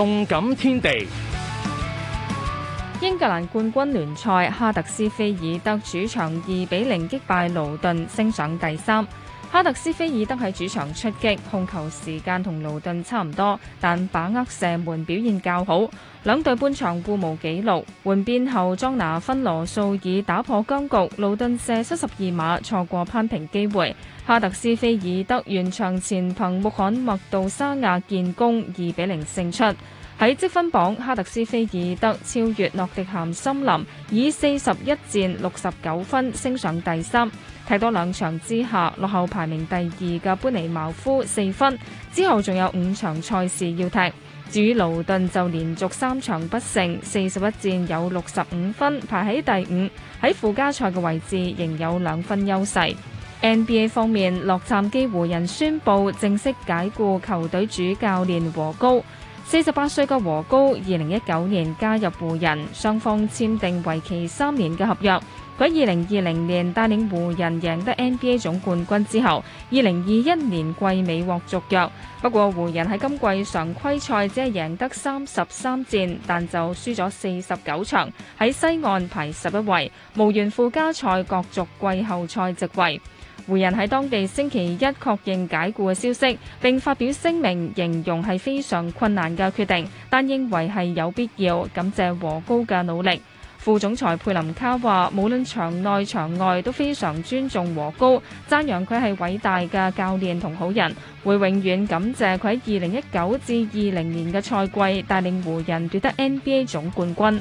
動感天地，英格蘭冠軍聯賽哈特斯菲爾德主場二比零擊敗盧頓，升上第三。哈特斯菲爾德喺主場出擊，控球時間同盧頓差唔多，但把握射門表現較好。兩隊半場互無紀錄，換邊後莊拿芬羅素以打破僵局。盧頓射七十二碼，錯過攀平機會。哈特斯菲爾德完場前憑穆罕默杜沙亞建功，二比零勝出。喺積分榜，哈特斯菲爾德超越諾迪咸森林，以四十一戰六十九分升上第三。踢多兩場之下，落後排名第二嘅班尼茅夫四分。之後仲有五場賽事要踢。至於勞頓就連續三場不勝，四十一戰有六十五分，排喺第五。喺附加賽嘅位置仍有兩分優勢。NBA 方面，洛杉磯湖人宣布正式解僱球隊主教練禾高。四十八歲嘅禾高，二零一九年加入湖人，雙方簽訂為期三年嘅合約。佢二零二零年帶領湖人贏得 NBA 總冠軍之後，二零二一年季尾獲續約。不過湖人喺今季常規賽只係贏得三十三戰，但就輸咗四十九場，喺西岸排十一位，無緣附加賽角逐季後賽席位。湖人喺當地星期一確認解僱嘅消息，並發表聲明形容係非常困難嘅決定，但認為係有必要。感謝禾高嘅努力。副總裁佩林卡話：無論場內場外都非常尊重禾高，讚揚佢係偉大嘅教練同好人，會永遠感謝佢喺二零一九至二零年嘅賽季帶領湖人奪得 NBA 總冠軍。